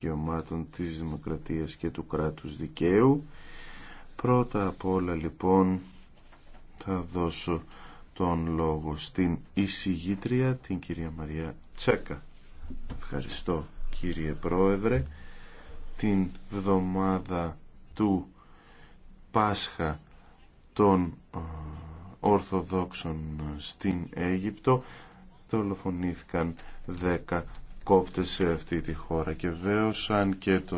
δικαιωμάτων της δημοκρατίας και του κράτους δικαίου. Πρώτα απ' όλα λοιπόν θα δώσω τον λόγο στην εισηγήτρια την κυρία Μαρία Τσέκα. Ευχαριστώ κύριε Πρόεδρε. Την βδομάδα του Πάσχα των ε, Ορθοδόξων στην Αίγυπτο δολοφονήθηκαν 10 κόπτες σε αυτή τη χώρα. Και βέβαιω, αν και το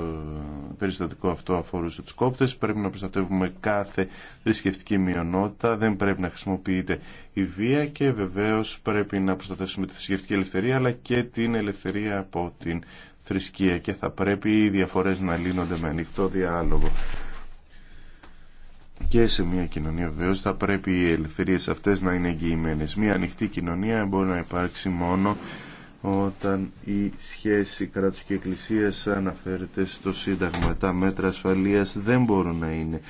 περιστατικό αυτό αφορούσε τους κόπτες, πρέπει να προστατεύουμε κάθε θρησκευτική μειονότητα, δεν πρέπει να χρησιμοποιείται η βία και βεβαίω πρέπει να προστατεύσουμε τη θρησκευτική ελευθερία, αλλά και την ελευθερία από την θρησκεία και θα πρέπει οι διαφορές να λύνονται με ανοιχτό διάλογο. Και σε μια κοινωνία βεβαίω θα πρέπει οι ελευθερίες αυτές να είναι εγγυημένες. Μια ανοιχτή κοινωνία μπορεί να υπάρξει μόνο όταν η σχέση κράτους και εκκλησίας αναφέρεται στο Σύνταγμα. Τα μέτρα ασφαλείας δεν μπορούν να είναι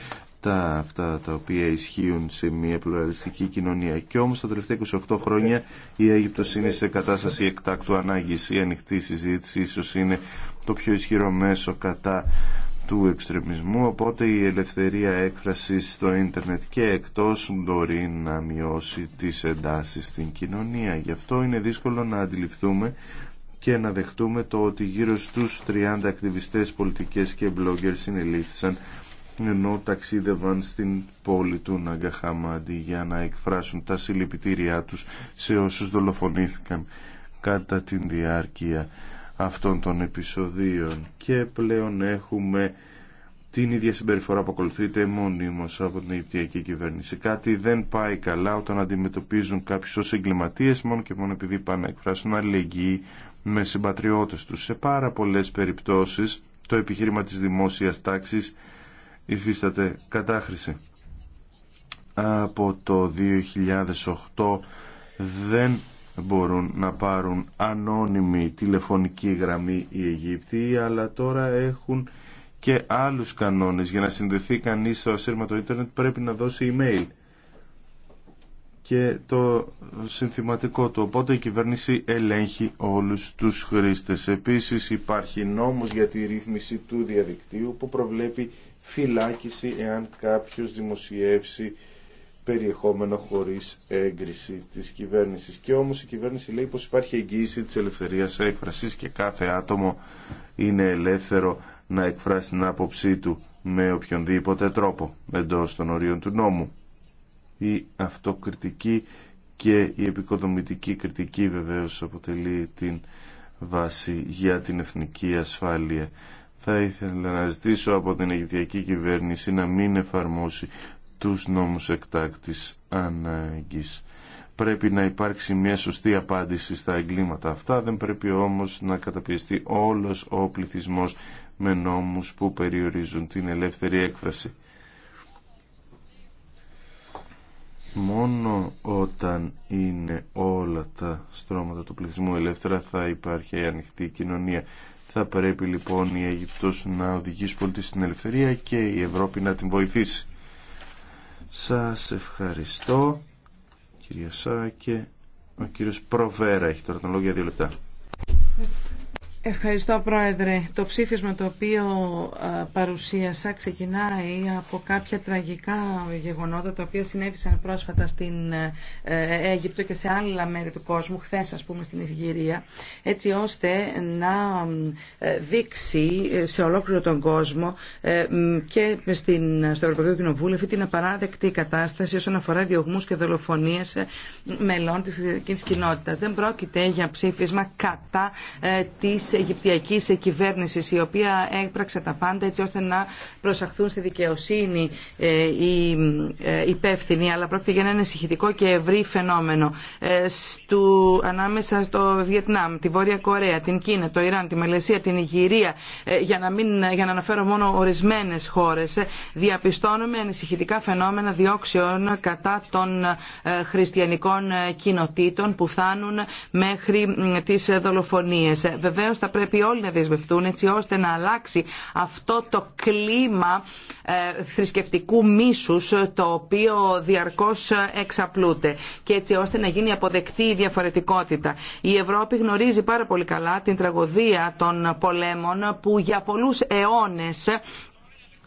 τα αυτά τα οποία ισχύουν σε μια πλουραλιστική κοινωνία. Και όμως τα τελευταία 28 χρόνια η Αίγυπτος είναι σε κατάσταση εκτάκτου ανάγκης. Η ανοιχτή συζήτηση ίσως είναι το πιο ισχυρό μέσο κατά του εξτρεμισμού, οπότε η ελευθερία έκφρασης στο ίντερνετ και εκτός μπορεί να μειώσει τις εντάσεις στην κοινωνία. Γι' αυτό είναι δύσκολο να αντιληφθούμε και να δεχτούμε το ότι γύρω στους 30 ακτιβιστές, πολιτικές και bloggers συνελήφθησαν ενώ ταξίδευαν στην πόλη του Ναγκαχαμάντι για να εκφράσουν τα συλληπιτήριά τους σε όσους δολοφονήθηκαν κατά την διάρκεια αυτών των επεισοδίων και πλέον έχουμε την ίδια συμπεριφορά που ακολουθείται μόνιμος από την Αιγυπτιακή κυβέρνηση. Κάτι δεν πάει καλά όταν αντιμετωπίζουν κάποιους ως εγκληματίες μόνο και μόνο επειδή πάνε να εκφράσουν αλληλεγγύη με συμπατριώτες τους. Σε πάρα πολλές περιπτώσεις το επιχείρημα της δημόσιας τάξης υφίσταται κατάχρηση. Από το 2008 δεν μπορούν να πάρουν ανώνυμη τηλεφωνική γραμμή οι Αιγύπτιοι, αλλά τώρα έχουν και άλλους κανόνες. Για να συνδεθεί κανείς στο ασύρματο ίντερνετ πρέπει να δώσει email και το συνθηματικό του. Οπότε η κυβέρνηση ελέγχει όλους τους χρήστες. Επίσης υπάρχει νόμος για τη ρύθμιση του διαδικτύου που προβλέπει φυλάκιση εάν κάποιος δημοσιεύσει περιεχόμενο χωρίς έγκριση της κυβέρνησης. Και όμως η κυβέρνηση λέει πως υπάρχει εγγύηση της ελευθερίας έκφρασης και κάθε άτομο είναι ελεύθερο να εκφράσει την άποψή του με οποιονδήποτε τρόπο εντός των ορίων του νόμου. Η αυτοκριτική και η επικοδομητική κριτική βεβαίως αποτελεί την βάση για την εθνική ασφάλεια. Θα ήθελα να ζητήσω από την Αιγυπτιακή κυβέρνηση να μην εφαρμόσει τους νόμους εκτάκτης ανάγκης. Πρέπει να υπάρξει μια σωστή απάντηση στα εγκλήματα αυτά, δεν πρέπει όμως να καταπιεστεί όλος ο πληθυσμός με νόμους που περιορίζουν την ελεύθερη έκφραση. Μόνο όταν είναι όλα τα στρώματα του πληθυσμού ελεύθερα θα υπάρχει ανοιχτή κοινωνία. Θα πρέπει λοιπόν η Αίγυπτος να οδηγήσει πολύ στην ελευθερία και η Ευρώπη να την βοηθήσει. Σας ευχαριστώ κυρία Σάκε. Ο κύριος Προβέρα έχει τώρα τον λόγο για δύο λεπτά. Ευχαριστώ Πρόεδρε. Το ψήφισμα το οποίο παρουσίασα ξεκινάει από κάποια τραγικά γεγονότα τα οποία συνέβησαν πρόσφατα στην ε, ε, Αίγυπτο και σε άλλα μέρη του κόσμου, χθε ας πούμε στην Ιγυρία, έτσι ώστε να ε, δείξει σε ολόκληρο τον κόσμο και στο Ευρωπαϊκό Κοινοβούλιο αυτή την απαράδεκτη κατάσταση όσον αφορά διωγμούς και δολοφονίες μελών της κοινότητας. Δεν πρόκειται για ψήφισμα κατά της Αιγυπτιακής κυβέρνηση, η οποία έπραξε τα πάντα έτσι ώστε να προσαχθούν στη δικαιοσύνη ε, οι ε, υπεύθυνοι αλλά πρόκειται για ένα ανησυχητικό και ευρύ φαινόμενο ε, Στου, ανάμεσα στο Βιετνάμ, τη Βόρεια Κορέα, την Κίνα, το Ιράν, τη Μαλαισία, την Ιγυρία για να, μην, για να αναφέρω μόνο ορισμένες χώρες διαπιστώνουμε ανησυχητικά φαινόμενα διώξεων κατά των χριστιανικών κοινοτήτων που φτάνουν μέχρι τις Βεβαίω, τα πρέπει όλοι να δεσμευτούν έτσι ώστε να αλλάξει αυτό το κλίμα ε, θρησκευτικού μίσους το οποίο διαρκώς εξαπλούται και έτσι ώστε να γίνει αποδεκτή η διαφορετικότητα. Η Ευρώπη γνωρίζει πάρα πολύ καλά την τραγωδία των πολέμων που για πολλούς αιώνες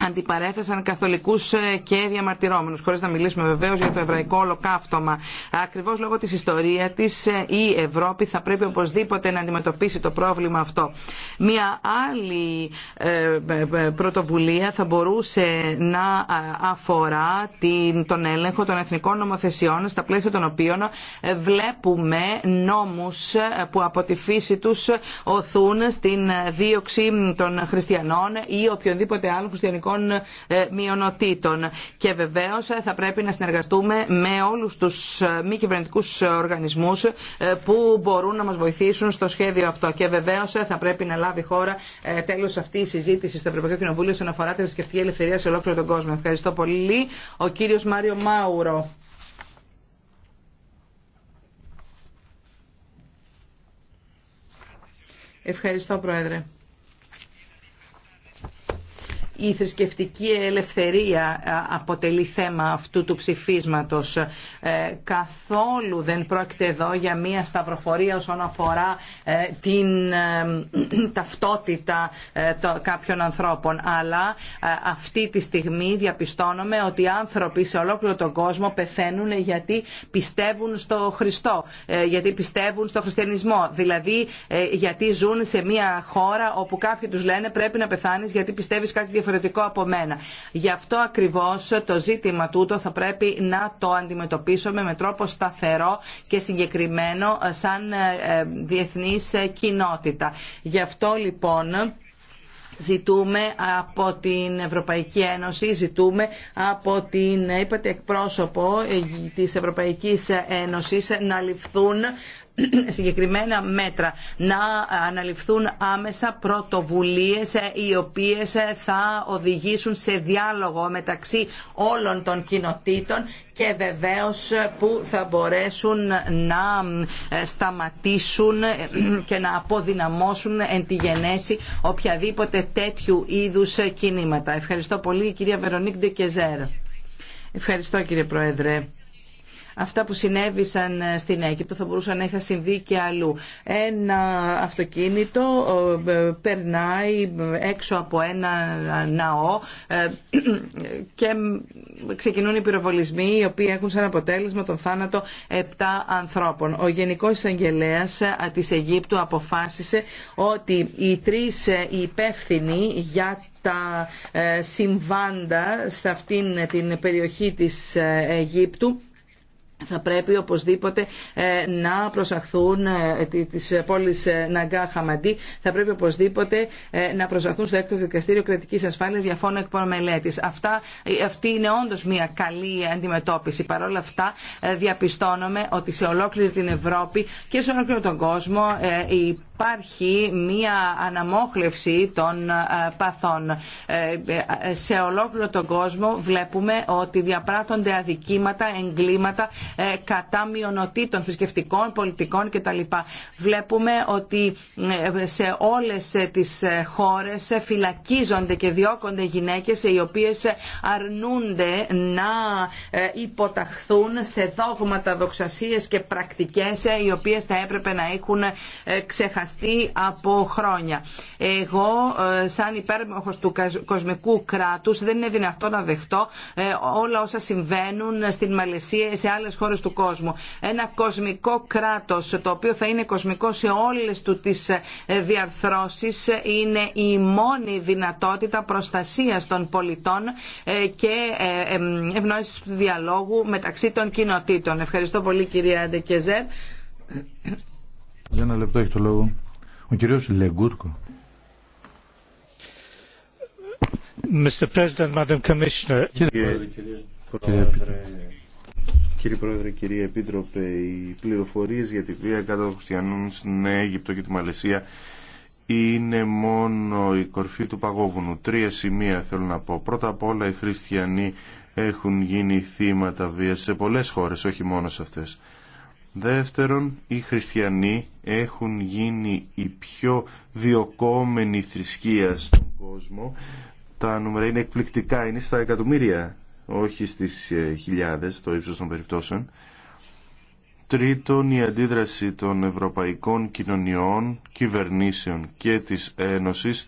αντιπαρέθεσαν καθολικού ε, και διαμαρτυρόμενους, χωρίς να μιλήσουμε βεβαίω για το εβραϊκό ολοκαύτωμα. Ακριβώς λόγω της ιστορίας της ε, η Ευρώπη θα πρέπει οπωσδήποτε να αντιμετωπίσει το πρόβλημα αυτό. Μία άλλη ε, πρωτοβουλία θα μπορούσε να αφορά τον έλεγχο των εθνικών νομοθεσιών, στα πλαίσια των οποίων βλέπουμε νόμου που από τη φύση του οθούν στην δίωξη των χριστιανών ή οποιονδήποτε άλλο χριστιανικό ε, μειονοτήτων. Και βεβαίως ε, θα πρέπει να συνεργαστούμε με όλους τους ε, μη κυβερνητικού οργανισμούς που μπορούν να μας βοηθήσουν στο σχέδιο αυτό. Και βεβαίως θα πρέπει να λάβει χώρα τέλος αυτή η συζήτηση στο Ευρωπαϊκό Κοινοβούλιο όσον αφορά τη θρησκευτική ελευθερία σε ολόκληρο τον κόσμο. Ευχαριστώ πολύ. Ο κύριος Μάριο Μάουρο. Ευχαριστώ, Πρόεδρε η θρησκευτική ελευθερία ε, αποτελεί θέμα αυτού του ψηφίσματος. Ε, καθόλου δεν πρόκειται εδώ για μία σταυροφορία όσον αφορά ε, την ταυτότητα κάποιων ανθρώπων. Αλλά αυτή τη στιγμή διαπιστώνουμε ότι οι άνθρωποι σε ολόκληρο τον κόσμο πεθαίνουν γιατί πιστεύουν στο Χριστό, γιατί πιστεύουν στο χριστιανισμό. Δηλαδή γιατί ζουν σε μία χώρα όπου κάποιοι τους λένε πρέπει να πεθάνεις γιατί πιστεύεις κάτι διαφορετικό διαφορετικό από Γι' αυτό ακριβώ το ζήτημα τούτο θα πρέπει να το αντιμετωπίσουμε με τρόπο σταθερό και συγκεκριμένο σαν ε, ε, διεθνή κοινότητα. Γι' αυτό λοιπόν ζητούμε από την Ευρωπαϊκή Ένωση, ζητούμε από την είπατε εκπρόσωπο ε, της Ευρωπαϊκής Ένωσης να ληφθούν συγκεκριμένα μέτρα, να αναλυφθούν άμεσα πρωτοβουλίες ε, οι οποίες ε, θα οδηγήσουν σε διάλογο μεταξύ όλων των κοινοτήτων και βεβαίως ε, που θα μπορέσουν να σταματήσουν και να αποδυναμώσουν εν τη γενέση οποιαδήποτε τέτοιου είδους κινήματα. Ευχαριστώ πολύ κυρία Βερονίκ Ντεκεζέρ. Ευχαριστώ κύριε Πρόεδρε αυτά που συνέβησαν ε, στην Αίγυπτο θα μπορούσαν να είχαν συμβεί και αλλού. Ένα αυτοκίνητο ε, περνάει έξω από ένα ε, ναό και ξεκινούν οι πυροβολισμοί οι οποίοι έχουν σαν αποτέλεσμα τον θάνατο 7 ανθρώπων. Ο Γενικός Εισαγγελέας της Αιγύπτου αποφάσισε ότι οι τρεις υπεύθυνοι για τα συμβάντα σε αυτήν την περιοχή της Αιγύπτου θα πρέπει οπωσδήποτε ε, να προσαχθούν ε, τις πόλεις ε, Ναγκά Χαμαντή, θα πρέπει οπωσδήποτε να προσαχθούν στο έκτο δικαστήριο κρατικής ασφάλειας για φόνο εκπρομελέτης. Αυτά, αυτή είναι όντως μια καλή αντιμετώπιση. Παρ' όλα αυτά διαπιστώνομαι ότι σε ολόκληρη την Ευρώπη και σε ολόκληρο τον κόσμο η υπάρχει μία αναμόχλευση των ε, παθών. Ε, ε, σε ολόκληρο τον κόσμο βλέπουμε ότι διαπράττονται αδικήματα, εγκλήματα κατά μειονοτήτων, θρησκευτικών, πολιτικών κτλ. Βλέπουμε ότι σε όλες τις χώρες φυλακίζονται και διώκονται γυναίκες οι οποίες αρνούνται να υποταχθούν σε δόγματα, δοξασίες και πρακτικές οι οποίες θα έπρεπε να έχουν ξεχαστεί από χρόνια. Εγώ ε, σαν υπέρμαχος του κοσμικού κράτους δεν είναι δυνατό να δεχτώ ε, όλα όσα συμβαίνουν στην Μαλαισία σε άλλες χώρες του κόσμου. Ένα κοσμικό κράτος το οποίο θα είναι κοσμικό σε όλες του τις ε, διαρθρώσεις είναι η μόνη δυνατότητα προστασίας των πολιτών και ευνόησης του διαλόγου μεταξύ των κοινοτήτων. Ευχαριστώ πολύ κυρία Ντεκεζέρ. Για ένα λεπτό έχει το λόγο. Ο κύριος Λεγκούρκο. Mr. President, Madam Commissioner. Κύριε, Πρόεδρε, κύριε Επίτροπε, οι πληροφορίες για τη βία κατά των χριστιανών στην Αίγυπτο και τη Μαλαισία είναι μόνο η κορφή του παγόβουνου. Τρία σημεία θέλω να πω. Πρώτα απ' όλα οι χριστιανοί έχουν γίνει θύματα βίας σε πολλές χώρες, όχι μόνο σε αυτές. Δεύτερον, οι χριστιανοί έχουν γίνει η πιο διοκόμενη θρησκεία στον κόσμο. Τα νούμερα είναι εκπληκτικά, είναι στα εκατομμύρια, όχι στις ε, χιλιάδες, το ύψος των περιπτώσεων. Τρίτον, η αντίδραση των ευρωπαϊκών κοινωνιών, κυβερνήσεων και της Ένωσης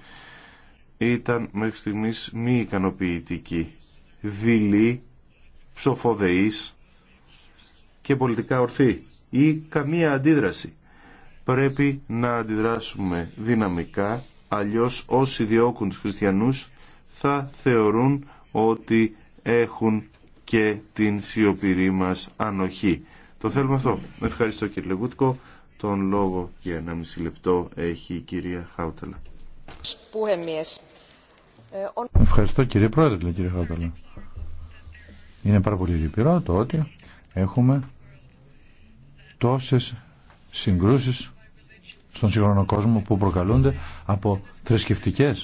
ήταν μέχρι στιγμής μη ικανοποιητική. Δειλή, ψοφοδεής, και πολιτικά ορθή ή καμία αντίδραση. Πρέπει να αντιδράσουμε δυναμικά, αλλιώς όσοι διώκουν τους χριστιανούς θα θεωρούν ότι έχουν και την σιωπηρή μας ανοχή. Το θέλουμε αυτό. Ευχαριστώ κύριε Λεγούτκο. Τον λόγο για ένα μισή λεπτό έχει η κυρία Χάουτελα. Ε, Ευχαριστώ κύριε Πρόεδρε, κύριε Χάουτελα. Είναι πάρα πολύ λυπηρό το ότι έχουμε τόσες συγκρούσεις στον σύγχρονο κόσμο που προκαλούνται από θρησκευτικέ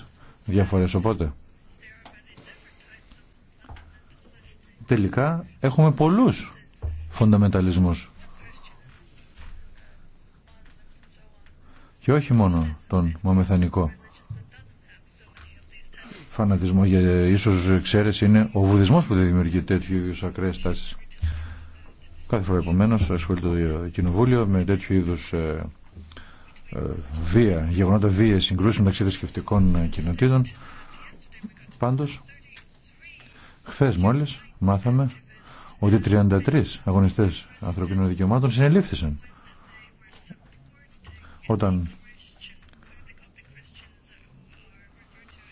διαφορές. Οπότε, τελικά έχουμε πολλούς φονταμεταλισμούς. Και όχι μόνο τον μομεθανικό φανατισμό, για ίσως είναι ο βουδισμός που δεν δημιουργεί τέτοιου ακραίες τάσεις. Κάθε φορά επομένω ασχολείται το Κοινοβούλιο με τέτοιου είδου ε, ε, βία, γεγονότα βία συγκρούσεων μεταξύ θρησκευτικών κοινοτήτων. Πάντω, χθε μόλι μάθαμε ότι 33 αγωνιστέ ανθρωπίνων δικαιωμάτων συνελήφθησαν όταν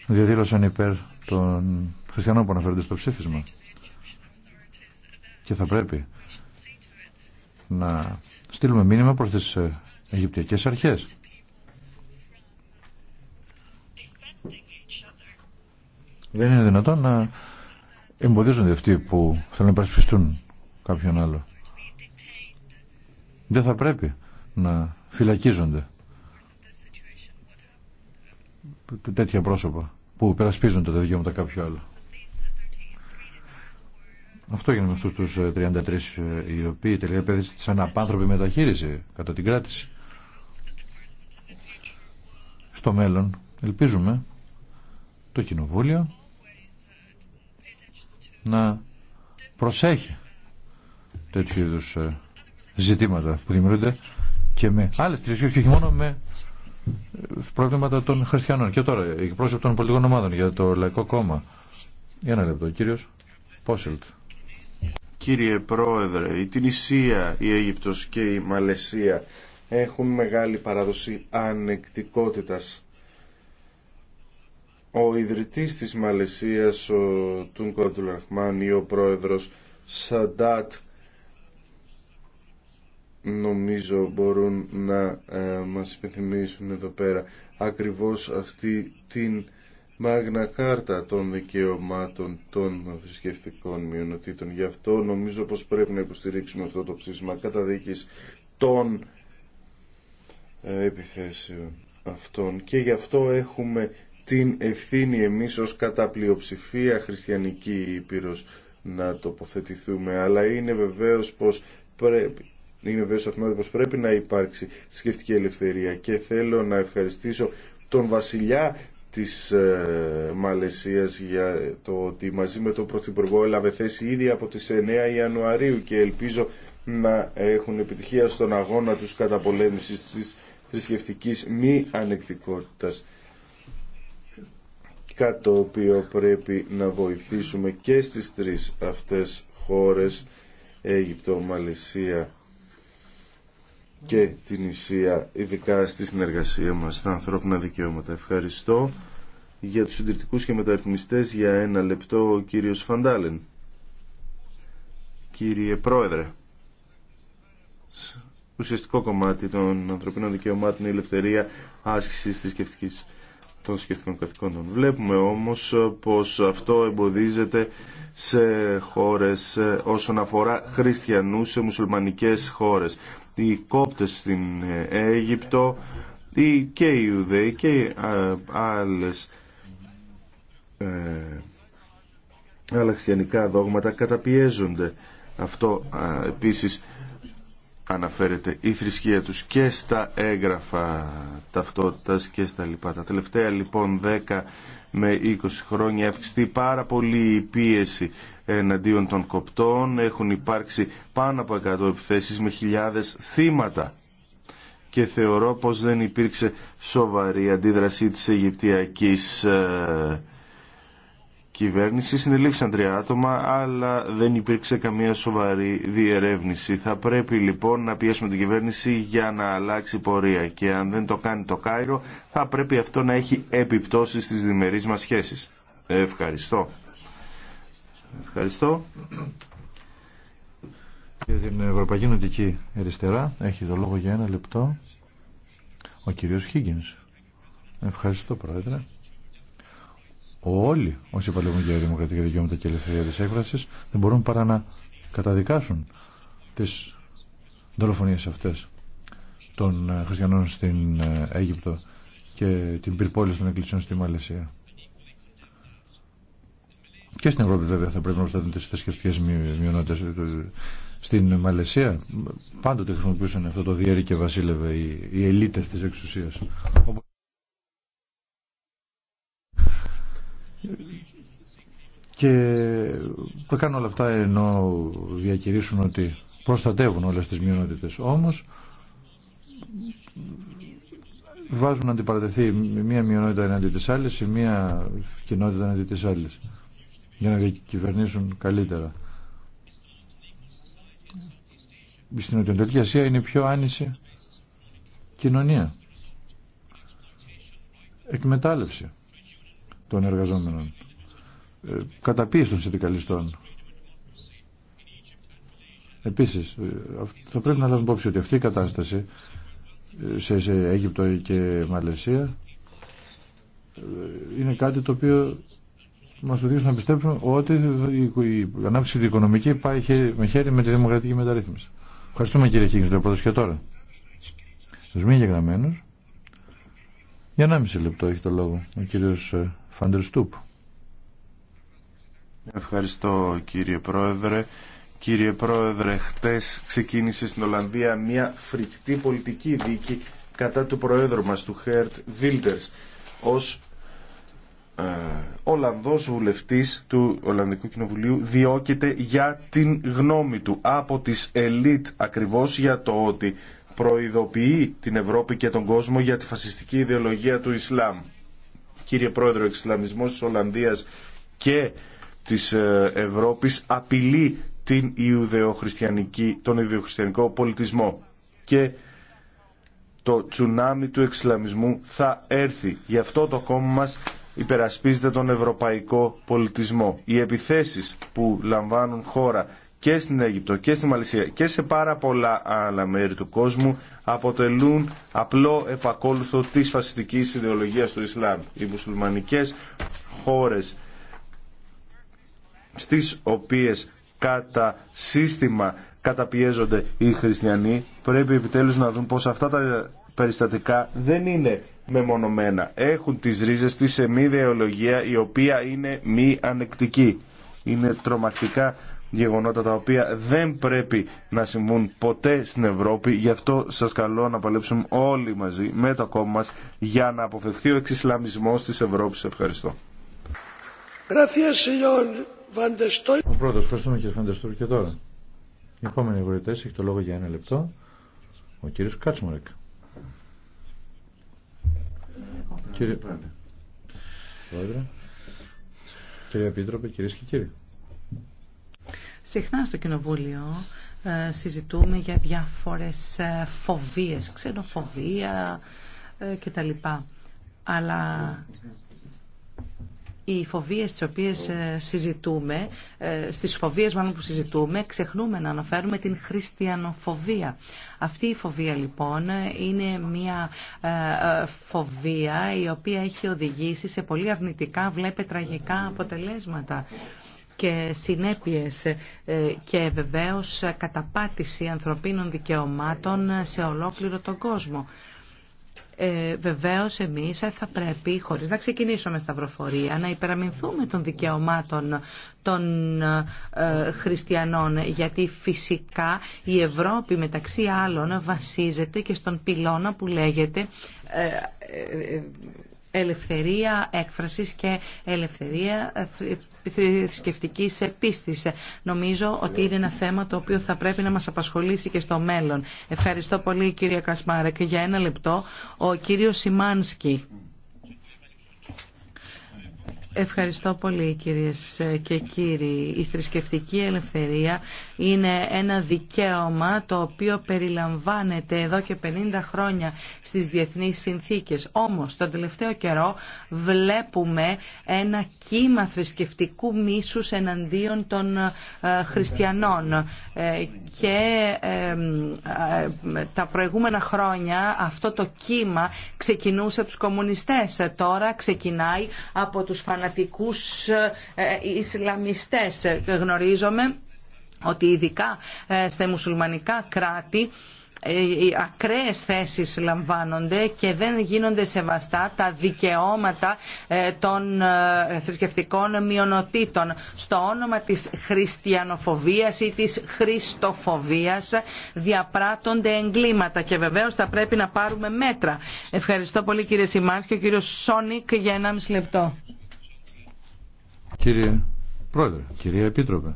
διαδήλωσαν υπέρ των χριστιανών που αναφέρονται στο ψήφισμα. Και θα πρέπει να στείλουμε μήνυμα προς τις ε, Αιγυπτιακές αρχές. Δεν είναι δυνατόν να εμποδίζονται αυτοί που θέλουν να υπερασπιστούν κάποιον άλλο. Δεν θα πρέπει να φυλακίζονται τέτοια πρόσωπα που υπερασπίζονται τα δικαιώματα κάποιου άλλου. Αυτό έγινε με αυτού τους 33 ε, ε, οι οποίοι τελικά σαν απάνθρωποι μεταχείριση κατά την κράτηση. Στο μέλλον ελπίζουμε το κοινοβούλιο να προσέχει τέτοιου είδου ε, ζητήματα που δημιουργούνται και με άλλε τρει και όχι μόνο με προβλήματα των χριστιανών. Και τώρα, εκπρόσωπο των πολιτικών ομάδων για το Λαϊκό Κόμμα. Για ένα λεπτό, κύριο Πόσελτ κύριε Πρόεδρε, η Τινησία, η Αίγυπτος και η Μαλαισία έχουν μεγάλη παράδοση ανεκτικότητας. Ο ιδρυτής της Μαλαισίας, ο Τούνκο Αντουλαχμάν ή ο πρόεδρος Σαντάτ, νομίζω μπορούν να ε, μας υπενθυμίσουν εδώ πέρα ακριβώς αυτή την Μάγνα Χάρτα των δικαιωμάτων των θρησκευτικών μειονοτήτων. Γι' αυτό νομίζω πως πρέπει να υποστηρίξουμε αυτό το ψήσμα κατά δίκης των ε, επιθέσεων αυτών. Και γι' αυτό έχουμε την ευθύνη εμείς ως κατά πλειοψηφία χριστιανική Ήπειρος να τοποθετηθούμε. Αλλά είναι βεβαίως πως είναι αυτονόητο πως πρέπει να υπάρξει σκεφτική ελευθερία και θέλω να ευχαριστήσω τον βασιλιά της ε, Μαλαισίας για το ότι μαζί με τον Πρωθυπουργό έλαβε θέση ήδη από τις 9 Ιανουαρίου και ελπίζω να έχουν επιτυχία στον αγώνα τους καταπολέμησης της θρησκευτική μη ανεκτικότητας κάτι το οποίο πρέπει να βοηθήσουμε και στις τρεις αυτές χώρες Αίγυπτο, Μαλαισία και την Ισία, ειδικά στη συνεργασία μας στα ανθρώπινα δικαιώματα. Ευχαριστώ για τους συντηρητικούς και μεταρρυθμιστές για ένα λεπτό ο κύριος Φαντάλεν. Κύριε Πρόεδρε, ουσιαστικό κομμάτι των ανθρωπίνων δικαιωμάτων είναι η ελευθερία άσκησης σκεφτικής των σκεφτικών καθηκόντων. Βλέπουμε όμως ε, πως αυτό εμποδίζεται σε χώρες ε, όσον αφορά χριστιανούς, σε μουσουλμανικές χώρες οι κόπτες στην ε, Αίγυπτο και οι Ιουδαίοι και ε, άλλες ε, χριστιανικά δόγματα καταπιέζονται. Αυτό επίσης αναφέρεται η θρησκεία τους και στα έγγραφα ταυτότητας και στα λοιπά. Τα τελευταία λοιπόν δέκα με 20 χρόνια αυξηθεί πάρα πολύ η πίεση εναντίον των κοπτών. Έχουν υπάρξει πάνω από 100 επιθέσεις με χιλιάδες θύματα και θεωρώ πως δεν υπήρξε σοβαρή αντίδραση της Αιγυπτιακής ε, κυβέρνηση συνελήφθησαν τρία άτομα, αλλά δεν υπήρξε καμία σοβαρή διερεύνηση. Θα πρέπει λοιπόν να πιέσουμε την κυβέρνηση για να αλλάξει πορεία και αν δεν το κάνει το Κάιρο θα πρέπει αυτό να έχει επιπτώσεις στις διμερείς μα σχέσεις. Ευχαριστώ. Ευχαριστώ. Για την Ευρωπαϊκή Νοτική Αριστερά έχει το λόγο για ένα λεπτό ο κύριος Χίγγινς. Ευχαριστώ Πρόεδρε όλοι όσοι παλεύουν για δημοκρατικά δικαιώματα και ελευθερία τη έκφραση δεν μπορούν παρά να καταδικάσουν τις δολοφονίες αυτές των ε, χριστιανών στην ε, Αίγυπτο και την πυρπόληση των εκκλησιών στη Μαλαισία. Και στην Ευρώπη βέβαια θα πρέπει να προστατεύονται τι θρησκευτικέ μειονότητε. Ε, στην Μαλαισία πάντοτε χρησιμοποιούσαν αυτό το διέρη και βασίλευε οι, οι ελίτες της εξουσίας. Και το κάνουν όλα αυτά ενώ διακηρύσουν ότι προστατεύουν όλες τις μειονότητες. Όμως βάζουν να αντιπαρατεθεί μία μειονότητα εναντί της άλλης ή μία κοινότητα εναντί της άλλης για να διακυβερνήσουν καλύτερα. Στην η Ασία είναι η πιο άνηση κοινωνία. Εκμετάλλευση των εργαζόμενων, ε, καταπίεση των συνδικαλιστών. Επίσης, ε, θα πρέπει να λάβουμε υπόψη ότι αυτή η κατάσταση ε, σε, σε Αίγυπτο και Μαλαισία είναι κάτι το οποίο μας οδηγεί να πιστέψουμε ότι η ανάπτυξη της οικονομική πάει με χέρι με τη δημοκρατική μεταρρύθμιση. Ευχαριστούμε κύριε Χίγκη, το πρώτος και τώρα. Στους μη γεγραμμένους, για 1,5 λεπτό έχει το λόγο ο κύριο. Φαντερστούπ. Ευχαριστώ κύριε Πρόεδρε. Κύριε Πρόεδρε, χτες ξεκίνησε στην Ολλανδία μια φρικτή πολιτική δίκη κατά του Προέδρου μας, του Χέρτ Βίλτερς, ως ε, Ολλανδός βουλευτής του Ολλανδικού Κοινοβουλίου διώκεται για την γνώμη του από τις ελίτ ακριβώς για το ότι προειδοποιεί την Ευρώπη και τον κόσμο για τη φασιστική ιδεολογία του Ισλάμ κύριε Πρόεδρο, ο εξισλαμισμός της Ολλανδίας και της ε, Ευρώπης απειλεί την Ιουδεοχριστιανική, τον Ιουδεοχριστιανικό πολιτισμό. Και το τσουνάμι του εξισλαμισμού θα έρθει. Γι' αυτό το κόμμα μας υπερασπίζεται τον ευρωπαϊκό πολιτισμό. Οι επιθέσεις που λαμβάνουν χώρα και στην Αίγυπτο και στη Μαλισσία και σε πάρα πολλά άλλα μέρη του κόσμου αποτελούν απλό επακόλουθο της φασιστικής ιδεολογίας του Ισλάμ. Οι μουσουλμανικές χώρες στις οποίες κατά σύστημα καταπιέζονται οι χριστιανοί πρέπει επιτέλους να δουν πως αυτά τα περιστατικά δεν είναι μεμονωμένα. Έχουν τις ρίζες της σε μη ιδεολογία η οποία είναι μη ανεκτική. Είναι τρομακτικά γεγονότα τα οποία δεν πρέπει να συμβούν ποτέ στην Ευρώπη. Γι' αυτό σας καλώ να παλέψουμε όλοι μαζί με το κόμμα μας για να αποφευθεί ο εξισλαμισμός της Ευρώπης. Ευχαριστώ. Ο πρώτος, ευχαριστούμε κύριε Φαντεστούρ και τώρα. Οι επόμενοι βουλευτέ έχει το λόγο για ένα λεπτό. Ο κύριος Κάτσμουρεκ. Κύριε Πρόεδρε, κύριε Επίτροπε, κυρίες και κύριοι. Συχνά στο Κοινοβούλιο ε, συζητούμε για διάφορες ε, φοβίες, ξενοφοβία ε, κτλ. Αλλά οι φοβίες τις οποίες συζητούμε, στις φοβίες μάλλον που συζητούμε, ξεχνούμε να αναφέρουμε την χριστιανοφοβία. Αυτή η φοβία λοιπόν είναι μια φοβία η οποία έχει οδηγήσει σε πολύ αρνητικά, βλέπε τραγικά αποτελέσματα και συνέπειες ε, και βεβαίως καταπάτηση ανθρωπίνων δικαιωμάτων σε ολόκληρο τον κόσμο. Ε, βεβαίως εμείς θα πρέπει, χωρίς να ξεκινήσουμε σταυροφορία, να υπεραμεινθούμε των δικαιωμάτων των ε, χριστιανών, γιατί φυσικά η Ευρώπη μεταξύ άλλων βασίζεται και στον πυλώνα που λέγεται ε, ελευθερία έκφρασης και ελευθερία ε, θρησκευτική πίστης. Νομίζω ότι είναι ένα θέμα το οποίο θα πρέπει να μας απασχολήσει και στο μέλλον. Ευχαριστώ πολύ κύριε Κασμάρεκ. Για ένα λεπτό ο κύριος Σιμάνσκι. Ευχαριστώ πολύ κυρίες και κύριοι. Η θρησκευτική ελευθερία είναι ένα δικαίωμα το οποίο περιλαμβάνεται εδώ και 50 χρόνια στις διεθνείς συνθήκες. Όμως τον τελευταίο καιρό βλέπουμε ένα κύμα θρησκευτικού μίσους εναντίον των ε, χριστιανών ε, και ε, τα προηγούμενα χρόνια αυτό το κύμα ξεκινούσε από τους κομμουνιστές. Τώρα ξεκινάει από τους φανατικούς φανατικούς ε, ε, Ισλαμιστές. Γνωρίζομαι ότι ειδικά ε, στα μουσουλμανικά κράτη οι ακραίες θέσεις λαμβάνονται και δεν γίνονται σεβαστά τα δικαιώματα των θρησκευτικών μειονοτήτων στο όνομα της χριστιανοφοβίας ή της χριστοφοβίας διαπράττονται εγκλήματα και βεβαίως θα πρέπει να πάρουμε μέτρα. Ευχαριστώ πολύ κύριε Σιμάνς και ο κύριος Σόνικ για 1,5 λεπτό. Κύριε Πρόεδρε, κυρία Επίτροπε.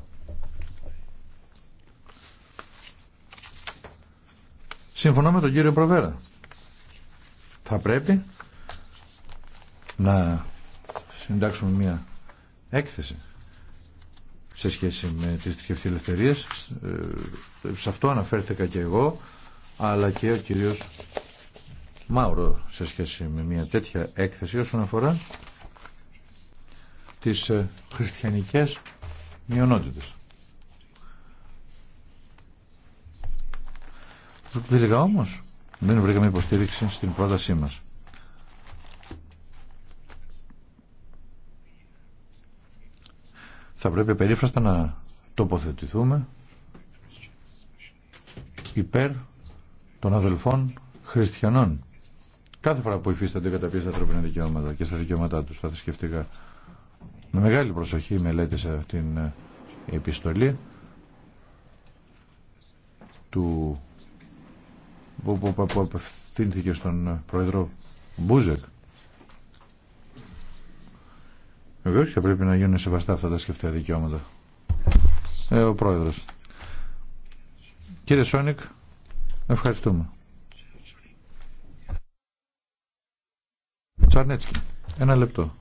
Συμφωνώ με τον κύριο Προβέρα. Θα πρέπει να συντάξουμε μια έκθεση σε σχέση με τις θρησκευτικές ε, Σε αυτό αναφέρθηκα και εγώ, αλλά και ο κύριος Μάουρο σε σχέση με μια τέτοια έκθεση όσον αφορά τις ε, χριστιανικές μειονότητες. Τελικά όμως δεν βρήκαμε υποστήριξη στην πρότασή μας. Θα πρέπει περίφραστα να τοποθετηθούμε υπέρ των αδελφών χριστιανών. Κάθε φορά που υφίστανται πίεση στα ανθρώπινα δικαιώματα και στα δικαιώματά τους, θα θρησκευτικά. Με μεγάλη προσοχή μελέτησα την ε, επιστολή του που απευθύνθηκε στον ε, πρόεδρο Μπούζεκ. Βεβαίω και πρέπει να γίνουν σεβαστά αυτά τα σκεφτεία δικαιώματα. Ε, ο πρόεδρος. Κύριε Σόνικ, ευχαριστούμε. Τσαρνέτσκι, ένα λεπτό.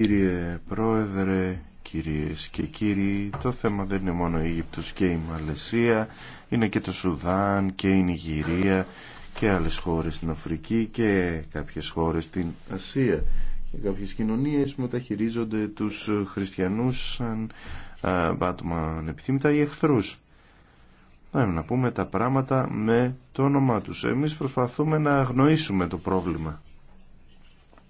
Κύριε Πρόεδρε, κυρίες και κύριοι, το θέμα δεν είναι μόνο η Αίγυπτος και η Μαλαισία, είναι και το Σουδάν και η Νιγηρία και άλλες χώρες στην Αφρική και κάποιες χώρες στην Ασία. Και κάποιες κοινωνίες μεταχειρίζονται τους χριστιανούς σαν άτομα ανεπιθύμητα ή εχθρούς. Να πούμε τα πράγματα με το όνομά τους. Εμείς προσπαθούμε να αγνοήσουμε το πρόβλημα.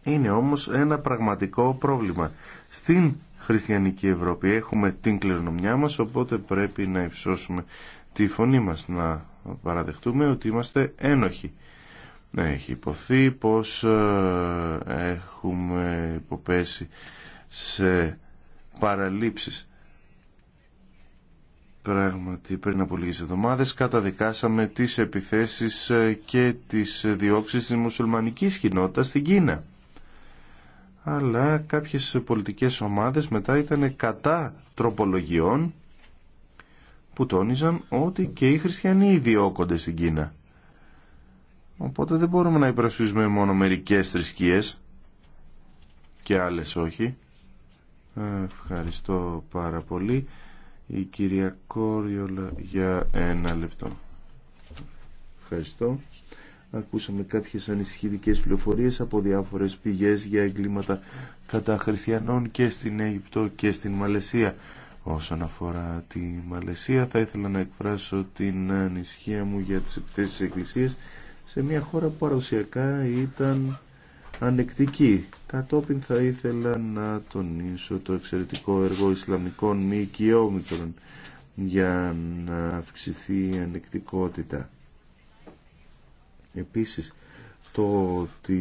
Είναι όμως ένα πραγματικό πρόβλημα. Στην χριστιανική Ευρώπη έχουμε την κληρονομιά μας, οπότε πρέπει να υψώσουμε τη φωνή μας, να παραδεχτούμε ότι είμαστε ένοχοι. Έχει υποθεί πως ε, έχουμε υποπέσει σε παραλήψεις. Πράγματι, πριν από λίγες εβδομάδες καταδικάσαμε τις επιθέσεις ε, και τις διώξεις της μουσουλμανικής κοινότητας στην Κίνα αλλά κάποιες πολιτικές ομάδες μετά ήταν κατά τροπολογιών που τόνιζαν ότι και οι χριστιανοί διώκονται στην Κίνα. Οπότε δεν μπορούμε να υπερασπίσουμε μόνο μερικές θρησκείες και άλλες όχι. Ευχαριστώ πάρα πολύ. Η κυρία Κόριολα για ένα λεπτό. Ευχαριστώ ακούσαμε κάποιες ανησυχητικές πληροφορίες από διάφορες πηγές για εγκλήματα κατά χριστιανών και στην Αίγυπτο και στην Μαλαισία. Όσον αφορά τη Μαλαισία θα ήθελα να εκφράσω την ανησυχία μου για τις επιθέσεις της Εκκλησίας σε μια χώρα που παραδοσιακά ήταν ανεκτική. Κατόπιν θα ήθελα να τονίσω το εξαιρετικό έργο Ισλαμικών μη για να αυξηθεί η ανεκτικότητα Επίσης, το ότι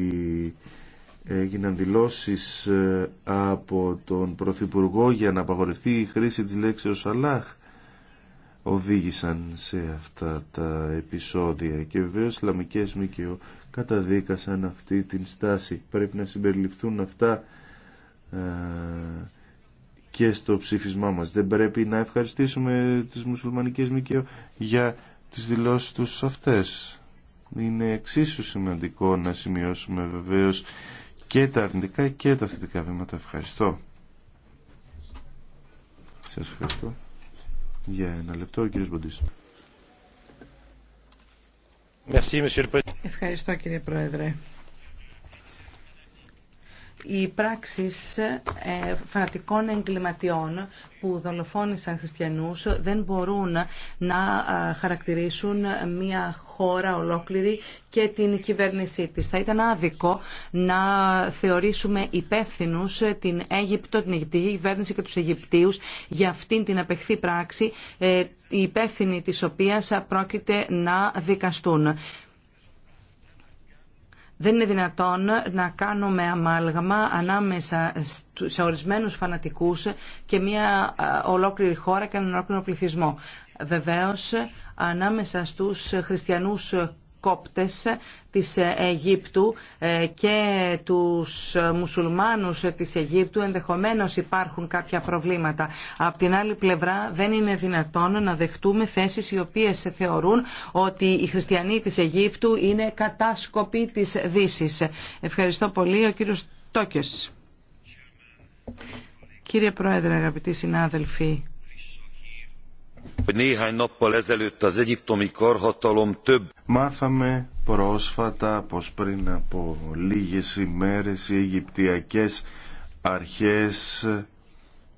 έγιναν δηλώσεις ε, από τον Πρωθυπουργό για να απαγορευτεί η χρήση της λέξης Αλλάχ οδήγησαν σε αυτά τα επεισόδια και βεβαίως οι Ισλαμικές ΜΚΟ καταδίκασαν αυτή την στάση. Πρέπει να συμπεριληφθούν αυτά ε, και στο ψήφισμά μας. Δεν πρέπει να ευχαριστήσουμε τις μουσουλμανικές ΜΚΟ για τις δηλώσεις τους αυτές είναι εξίσου σημαντικό να σημειώσουμε βεβαίως και τα αρνητικά και τα θετικά βήματα. Ευχαριστώ. Σας ευχαριστώ. Για ένα λεπτό, ο κύριος Μποντής. Ευχαριστώ κύριε Πρόεδρε οι πράξεις ε, φανατικών εγκληματιών που δολοφόνησαν χριστιανούς δεν μπορούν να ε, χαρακτηρίσουν μια χώρα ολόκληρη και την κυβέρνησή της. Θα ήταν άδικο να θεωρήσουμε υπεύθυνους την Αίγυπτο, την Αιγυπτική κυβέρνηση και τους Αιγυπτίους για αυτήν την απεχθή πράξη, οι ε, υπεύθυνοι της οποίας πρόκειται να δικαστούν. Δεν είναι δυνατόν να κάνουμε αμάλγαμα ανάμεσα σε ορισμένους φανατικούς και μια ολόκληρη χώρα και έναν ολόκληρο πληθυσμό. Βεβαίως, ανάμεσα στους χριστιανούς κόπτες της Αιγύπτου ε, και τους μουσουλμάνους της Αιγύπτου ενδεχομένως υπάρχουν κάποια προβλήματα. Απ' την άλλη πλευρά δεν είναι δυνατόν να δεχτούμε θέσεις οι οποίες θεωρούν ότι οι χριστιανοί της Αιγύπτου είναι κατάσκοποι της δύση. Ευχαριστώ πολύ. Ο κύριος Τόκες. Κύριε Πρόεδρε, αγαπητοί συνάδελφοι, Μάθαμε πρόσφατα πως πριν από λίγες ημέρες οι Αιγυπτιακές αρχές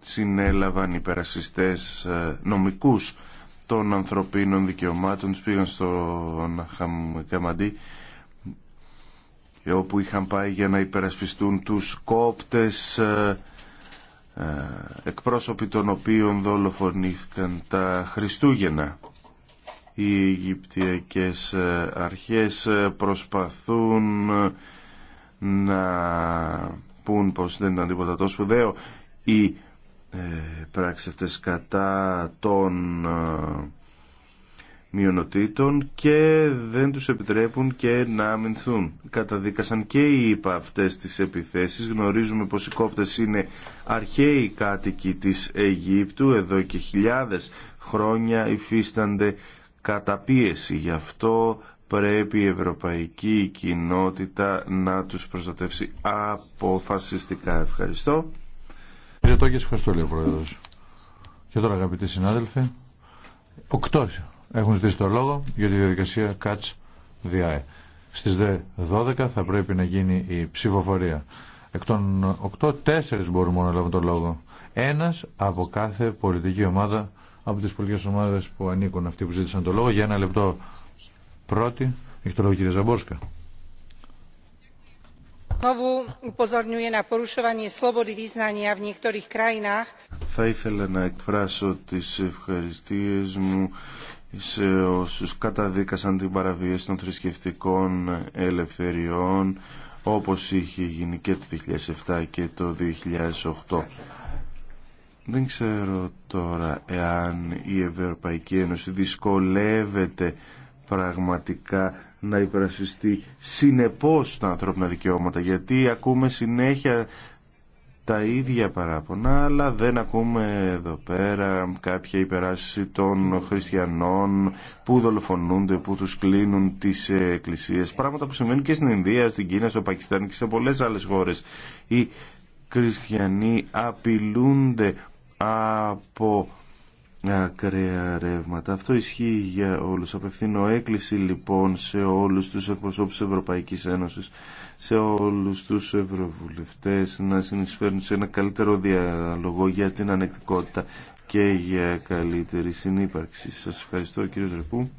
συνέλαβαν υπερασιστές ε, νομικούς των ανθρωπίνων δικαιωμάτων. Τους πήγαν στον Καμαντή ε, όπου είχαν πάει για να υπερασπιστούν τους κόπτες ε, ε, εκπρόσωποι των οποίων δολοφονήθηκαν τα Χριστούγεννα. Οι Αιγυπτιακές ε, αρχές ε, προσπαθούν να πούν πως δεν ήταν τίποτα τόσο σπουδαίο οι ε, πράξευτες κατά των μειονοτήτων και δεν τους επιτρέπουν και να αμυνθούν. Καταδίκασαν και οι ΙΠΑ αυτές τις επιθέσεις. Γνωρίζουμε πως οι κόπτες είναι αρχαίοι κάτοικοι της Αιγύπτου. Εδώ και χιλιάδες χρόνια υφίστανται καταπίεση. Γι' αυτό πρέπει η ευρωπαϊκή κοινότητα να τους προστατεύσει αποφασιστικά. Ευχαριστώ. Κύριε ευχαριστώ λέει Πρόεδρος. Και τώρα αγαπητοί συνάδελφοι, έχουν ζητήσει το λόγο για τη διαδικασία ΚΑΤΣ ΔΙΑΕ. Στις 12 θα πρέπει να γίνει η ψηφοφορία. Εκ των 8, 4 μπορούμε να λάβουν το λόγο. Ένας από κάθε πολιτική ομάδα, από τις πολιτικές ομάδες που ανήκουν αυτοί που ζήτησαν το λόγο. Για ένα λεπτό πρώτη, έχει το λόγο κυρία Ζαμπόρσκα. Θα ήθελα να εκφράσω τις ευχαριστίες μου σε όσους καταδίκασαν την παραβίαση των θρησκευτικών ελευθεριών όπως είχε γίνει και το 2007 και το 2008. Δεν ξέρω τώρα εάν η Ευρωπαϊκή Ένωση δυσκολεύεται πραγματικά να υπερασπιστεί συνεπώς τα ανθρώπινα δικαιώματα γιατί ακούμε συνέχεια τα ίδια παράπονα, αλλά δεν ακούμε εδώ πέρα κάποια υπεράσπιση των χριστιανών που δολοφονούνται, που τους κλείνουν τις εκκλησίες. Πράγματα που συμβαίνουν και στην Ινδία, στην Κίνα, στο Πακιστάν και σε πολλές άλλες χώρες. Οι χριστιανοί απειλούνται από ακραία ρεύματα. Αυτό ισχύει για όλους. Απευθύνω έκκληση λοιπόν σε όλους τους εκπροσώπους Ευρωπαϊκής Ένωσης, σε όλους τους ευρωβουλευτές να συνεισφέρουν σε ένα καλύτερο διαλογό για την ανεκτικότητα και για καλύτερη συνύπαρξη. Σας ευχαριστώ κύριε Ρεπού.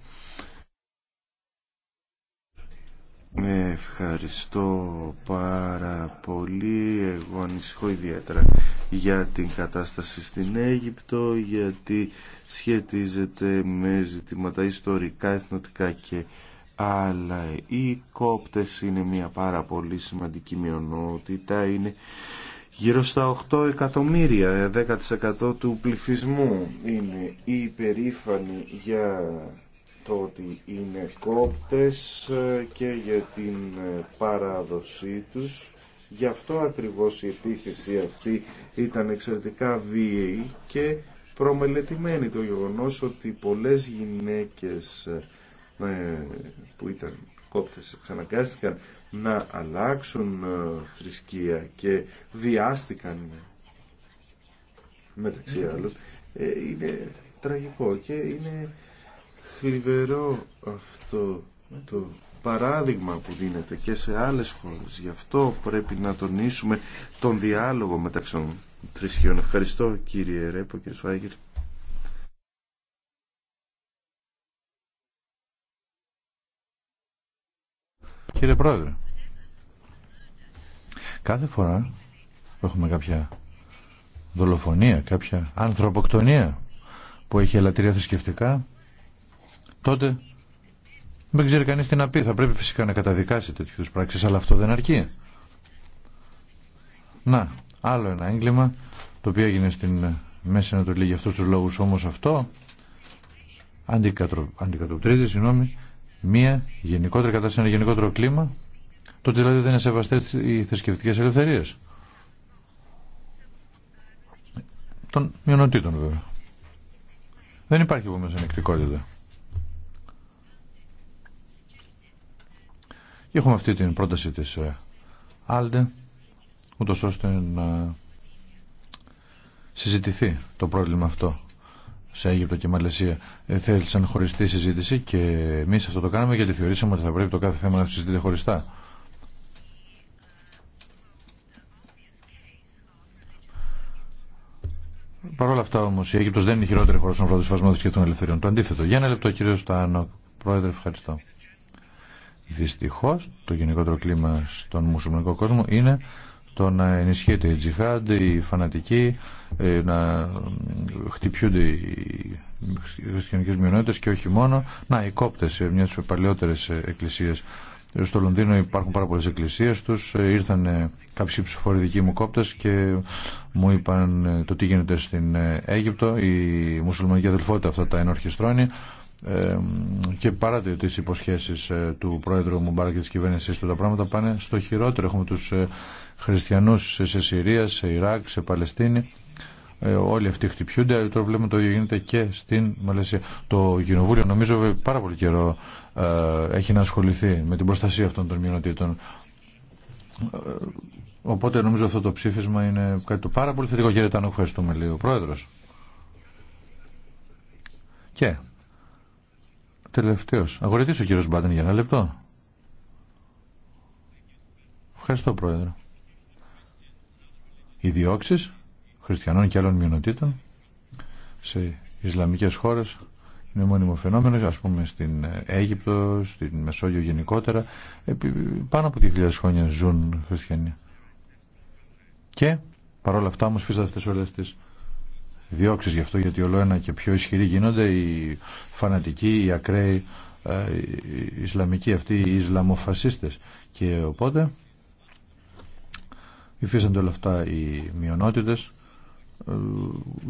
Ευχαριστώ πάρα πολύ. Εγώ ανησυχώ ιδιαίτερα για την κατάσταση στην Αίγυπτο γιατί σχετίζεται με ζητήματα ιστορικά, εθνοτικά και άλλα. Οι κόπτες είναι μια πάρα πολύ σημαντική μειονότητα, είναι γύρω στα 8 εκατομμύρια, 10% του πληθυσμού είναι υπερήφανοι για το ότι είναι κόπτες και για την παράδοσή τους Γι' αυτό ακριβώς η επίθεση αυτή ήταν εξαιρετικά βίαιη και προμελετημένη το γεγονός ότι πολλές γυναίκες ε, που ήταν κόπτες ξαναγκάστηκαν να αλλάξουν ε, θρησκεία και βιάστηκαν μεταξύ ναι, ναι. άλλων ε, είναι τραγικό και είναι θλιβερό αυτό το παράδειγμα που δίνεται και σε άλλες χώρες. Γι' αυτό πρέπει να τονίσουμε τον διάλογο μεταξύ των θρησκείων. Ευχαριστώ κύριε Ρέπο, κύριε Σφάγερ. Κύριε Πρόεδρε, κάθε φορά που έχουμε κάποια δολοφονία, κάποια ανθρωποκτονία που έχει ελαττήρια θρησκευτικά, τότε δεν ξέρει κανείς τι να πει. Θα πρέπει φυσικά να καταδικάσει τέτοιου πράξεις, αλλά αυτό δεν αρκεί. Να, άλλο ένα έγκλημα, το οποίο έγινε στην Μέση Ανατολή για αυτούς τους λόγους, όμως αυτό αντικατοπτρίζει, συγγνώμη, μία γενικότερη κατάσταση, ένα γενικότερο κλίμα, τότε δηλαδή δεν είναι σεβαστές οι θρησκευτικές ελευθερίες. Των μειονοτήτων βέβαια. Δεν υπάρχει επομένως ανεκτικότητα. έχουμε αυτή την πρόταση της ε, Άλντε, ούτως ώστε να συζητηθεί το πρόβλημα αυτό σε Αίγυπτο και Μαλαισία ε, θέλησαν χωριστή συζήτηση και εμεί αυτό το κάναμε γιατί θεωρήσαμε ότι θα πρέπει το κάθε θέμα να συζητείται χωριστά. Παρ' όλα αυτά όμω η Αίγυπτος δεν είναι η χειρότερη χώρα στον της του και των ελευθεριών. Το αντίθετο. Για ένα λεπτό κύριο Στάνο. Πρόεδρε, ευχαριστώ. Δυστυχώς το γενικότερο κλίμα στον μουσουλμανικό κόσμο είναι το να ενισχύεται η τζιχάντ, οι φανατικοί, ε, να χτυπιούνται οι χριστιανικές μειονότητες και όχι μόνο. Να, οι κόπτες σε μια παλαιότερες εκκλησίες. Στο Λονδίνο υπάρχουν πάρα πολλές εκκλησίες τους. Ε, ήρθαν ε, κάποιοι ψηφοφοροι δικοί μου κόπτες και μου είπαν το τι γίνεται στην Αίγυπτο. Η μουσουλμανική αδελφότητα αυτά τα ενορχιστρώνει και παρά τις υποσχέσεις ε, του πρόεδρου Μουμπάρα και της κυβέρνησής του τα πράγματα πάνε στο χειρότερο έχουμε τους ε, χριστιανούς σε Συρία, σε Ιράκ, σε Παλαιστίνη ε, όλοι αυτοί χτυπιούνται τώρα βλέπουμε το ίδιο γίνεται και στην Μαλαισία το κοινοβούλιο νομίζω πάρα πολύ καιρό έχει να ασχοληθεί με την προστασία αυτών των μειονοτήτων οπότε νομίζω αυτό το ψήφισμα είναι κάτι το πάρα πολύ θετικό κύριε Τάνο ευχαριστούμε λίγο. πρόεδρος και Τελευταίο Αγορητή ο κύριο Μπάντεν για ένα λεπτό. Ευχαριστώ Πρόεδρε. Οι διώξει χριστιανών και άλλων μειονοτήτων σε Ισλαμικές χώρες είναι μόνιμο φαινόμενο, α πούμε στην Αίγυπτο, στην Μεσόγειο γενικότερα. Πάνω από 2.000 χρόνια ζουν χριστιανοί. Και παρόλα αυτά όμω φύσατε αυτέ όλε διώξεις γι' αυτό γιατί όλο ένα και πιο ισχυροί γίνονται οι φανατικοί, οι ακραίοι ε, οι Ισλαμικοί αυτοί οι Ισλαμοφασίστες και οπότε υφίσανται όλα αυτά οι μειονότητες ε,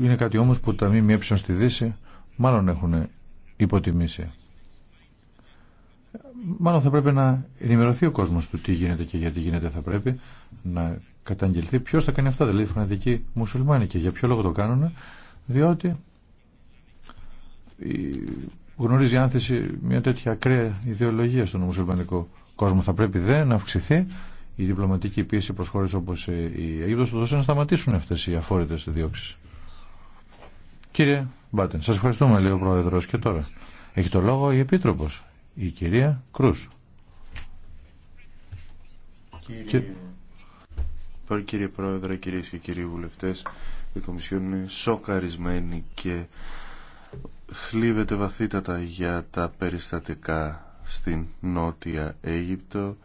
είναι κάτι όμως που τα ΜΜΕ στη Δύση μάλλον έχουν υποτιμήσει μάλλον θα πρέπει να ενημερωθεί ο κόσμος του τι γίνεται και γιατί γίνεται θα πρέπει να καταγγελθεί. Ποιο θα κάνει αυτά, δηλαδή φανατικοί μουσουλμάνοι. Και για ποιο λόγο το κάνουν, διότι γνωρίζει η άνθηση μια τέτοια ακραία ιδεολογία στον μουσουλμανικό κόσμο. Θα πρέπει δε να αυξηθεί η διπλωματική πίεση προ χώρε όπω ε, η Αίγυπτο, ώστε να σταματήσουν αυτέ οι αφόρητε διώξει. Κύριε Μπάτεν, σα ευχαριστούμε, λέει ο Πρόεδρο. Και τώρα έχει το λόγο η Επίτροπο, η κυρία Κρού. Ευχαριστώ λοιπόν, κύριε Πρόεδρε, κυρίες και κύριοι βουλευτές. Η Κομισιόν είναι σοκαρισμένη και θλίβεται βαθύτατα για τα περιστατικά στην Νότια Αίγυπτο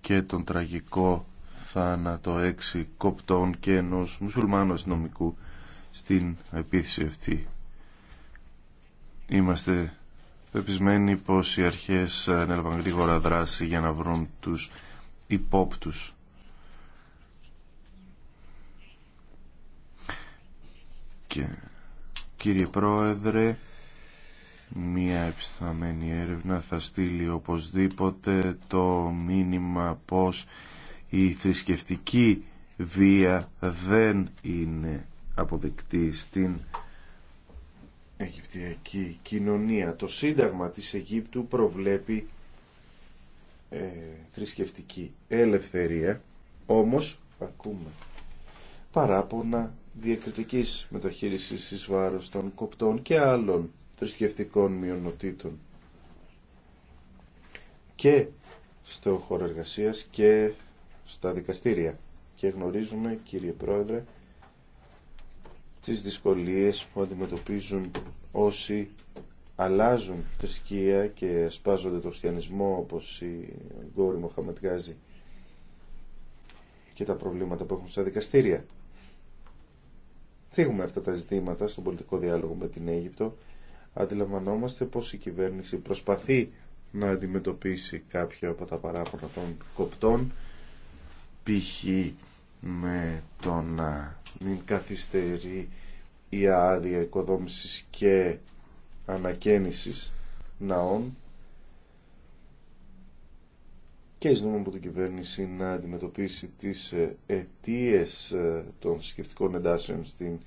και τον τραγικό θάνατο έξι κοπτών και ενός μουσουλμάνου αστυνομικού στην επίθεση αυτή. Είμαστε πεπισμένοι πως οι αρχές ανέλαβαν γρήγορα δράση για να βρουν τους υπόπτους κύριε Πρόεδρε, μια επισταμένη έρευνα θα στείλει οπωσδήποτε το μήνυμα πως η θρησκευτική βία δεν είναι αποδεκτή στην Αιγυπτιακή κοινωνία. Το Σύνταγμα της Αιγύπτου προβλέπει ε, θρησκευτική ελευθερία, όμως ακούμε παράπονα διακριτικής μεταχείρισης εις βάρος των κοπτών και άλλων θρησκευτικών μειονοτήτων και στο χώρο εργασία και στα δικαστήρια. Και γνωρίζουμε, κύριε Πρόεδρε, τις δυσκολίες που αντιμετωπίζουν όσοι αλλάζουν θρησκεία και σπάζονται το χριστιανισμό όπως η Γκόρη Μοχαμετγάζη και τα προβλήματα που έχουν στα δικαστήρια. Φύγουμε αυτά τα ζητήματα στον πολιτικό διάλογο με την Αίγυπτο, αντιλαμβανόμαστε πως η κυβέρνηση προσπαθεί να αντιμετωπίσει κάποια από τα παράπονα των κοπτών, π.χ. με το να μην καθυστερεί η άδεια οικοδόμησης και ανακαίνησης ναών και ζητούμε από την κυβέρνηση να αντιμετωπίσει τις ε, αιτίε ε, των θρησκευτικών εντάσεων στην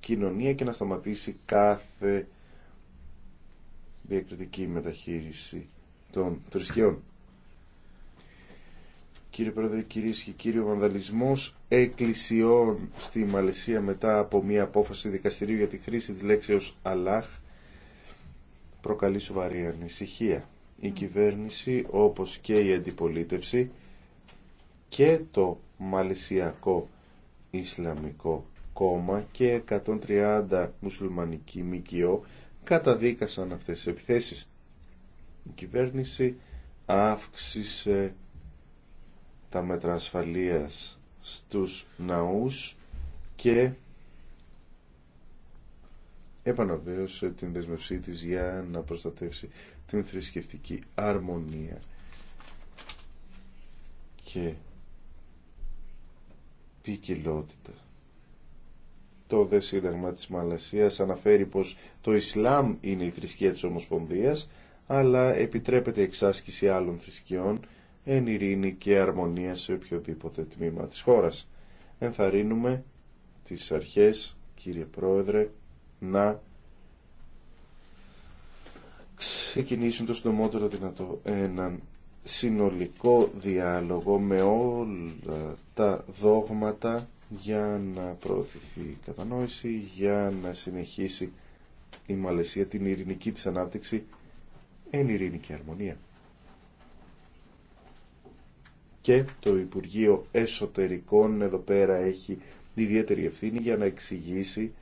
κοινωνία και να σταματήσει κάθε διακριτική μεταχείριση των θρησκειών. Κύριε Πρόεδρε, κυρίε και κύριοι, ο βανδαλισμό εκκλησιών στη Μαλαισία μετά από μια απόφαση δικαστηρίου για τη χρήση τη λέξεω Αλλάχ προκαλεί σοβαρή ανησυχία η κυβέρνηση όπως και η αντιπολίτευση και το μαλισιακό Ισλαμικό κόμμα και 130 μουσουλμανικοί ΜΚΟ καταδίκασαν αυτές τις επιθέσεις. Η κυβέρνηση αύξησε τα μέτρα ασφαλείας στους ναούς και Επαναβίωσε την δεσμευσή της για να προστατεύσει την θρησκευτική αρμονία και ποικιλότητα. Το δε σύνταγμα της Μαλασίας αναφέρει πως το Ισλάμ είναι η θρησκεία της Ομοσπονδίας, αλλά επιτρέπεται εξάσκηση άλλων θρησκειών εν ειρήνη και αρμονία σε οποιοδήποτε τμήμα της χώρας. Ενθαρρύνουμε τις αρχές, κύριε Πρόεδρε, να ξεκινήσουν το συντομότερο δυνατό έναν συνολικό διάλογο με όλα τα δόγματα για να προωθηθεί η κατανόηση, για να συνεχίσει η Μαλαισία την ειρηνική της ανάπτυξη εν και αρμονία. Και το Υπουργείο Εσωτερικών εδώ πέρα έχει ιδιαίτερη ευθύνη για να εξηγήσει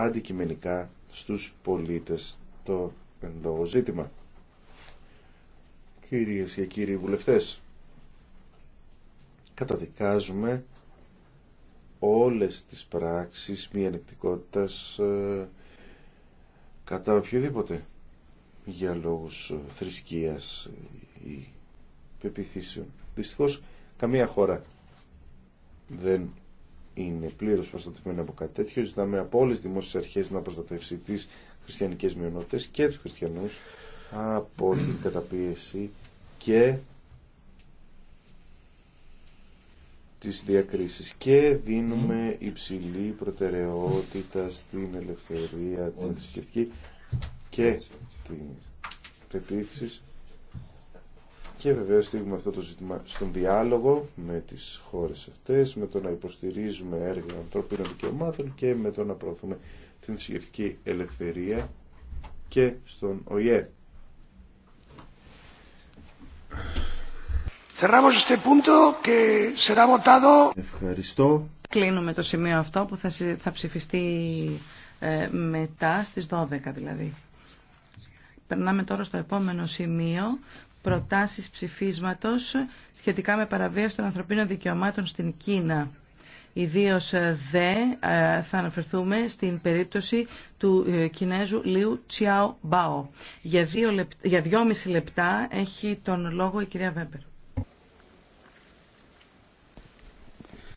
αντικειμενικά στους πολίτες το εν λόγω ζήτημα. Κυρίες και κύριοι βουλευτές, καταδικάζουμε όλες τις πράξεις μη ανεκτικότητας ε, κατά οποιοδήποτε για λόγους θρησκείας ή πεπιθήσεων. Δυστυχώς καμία χώρα δεν είναι πλήρω προστατευμένη από κάτι τέτοιο. Ζητάμε από όλε τι δημόσιες αρχές να προστατεύσει τι χριστιανικέ μειονότητε και του χριστιανού από την καταπίεση και τι διακρίσει και δίνουμε υψηλή προτεραιότητα στην ελευθερία, την θρησκευτική και την πεποίθηση και βεβαίω στείλουμε αυτό το ζήτημα στον διάλογο με τι χώρε αυτέ, με το να υποστηρίζουμε έργα ανθρώπινων δικαιωμάτων και με το να προωθούμε την θρησκευτική ελευθερία και στον ΟΗΕ. Ευχαριστώ. Κλείνουμε το σημείο αυτό που θα, θα ψηφιστεί ε, μετά στις 12 δηλαδή. Περνάμε τώρα στο επόμενο σημείο προτάσεις ψηφίσματος σχετικά με παραβίαση των ανθρωπίνων δικαιωμάτων στην Κίνα. Ιδίως ε, δε ε, θα αναφερθούμε στην περίπτωση του ε, Κινέζου Λίου Τσιάο Μπάο. Για, δύο, για δυόμιση λεπτά έχει τον λόγο η κυρία Βέμπερ.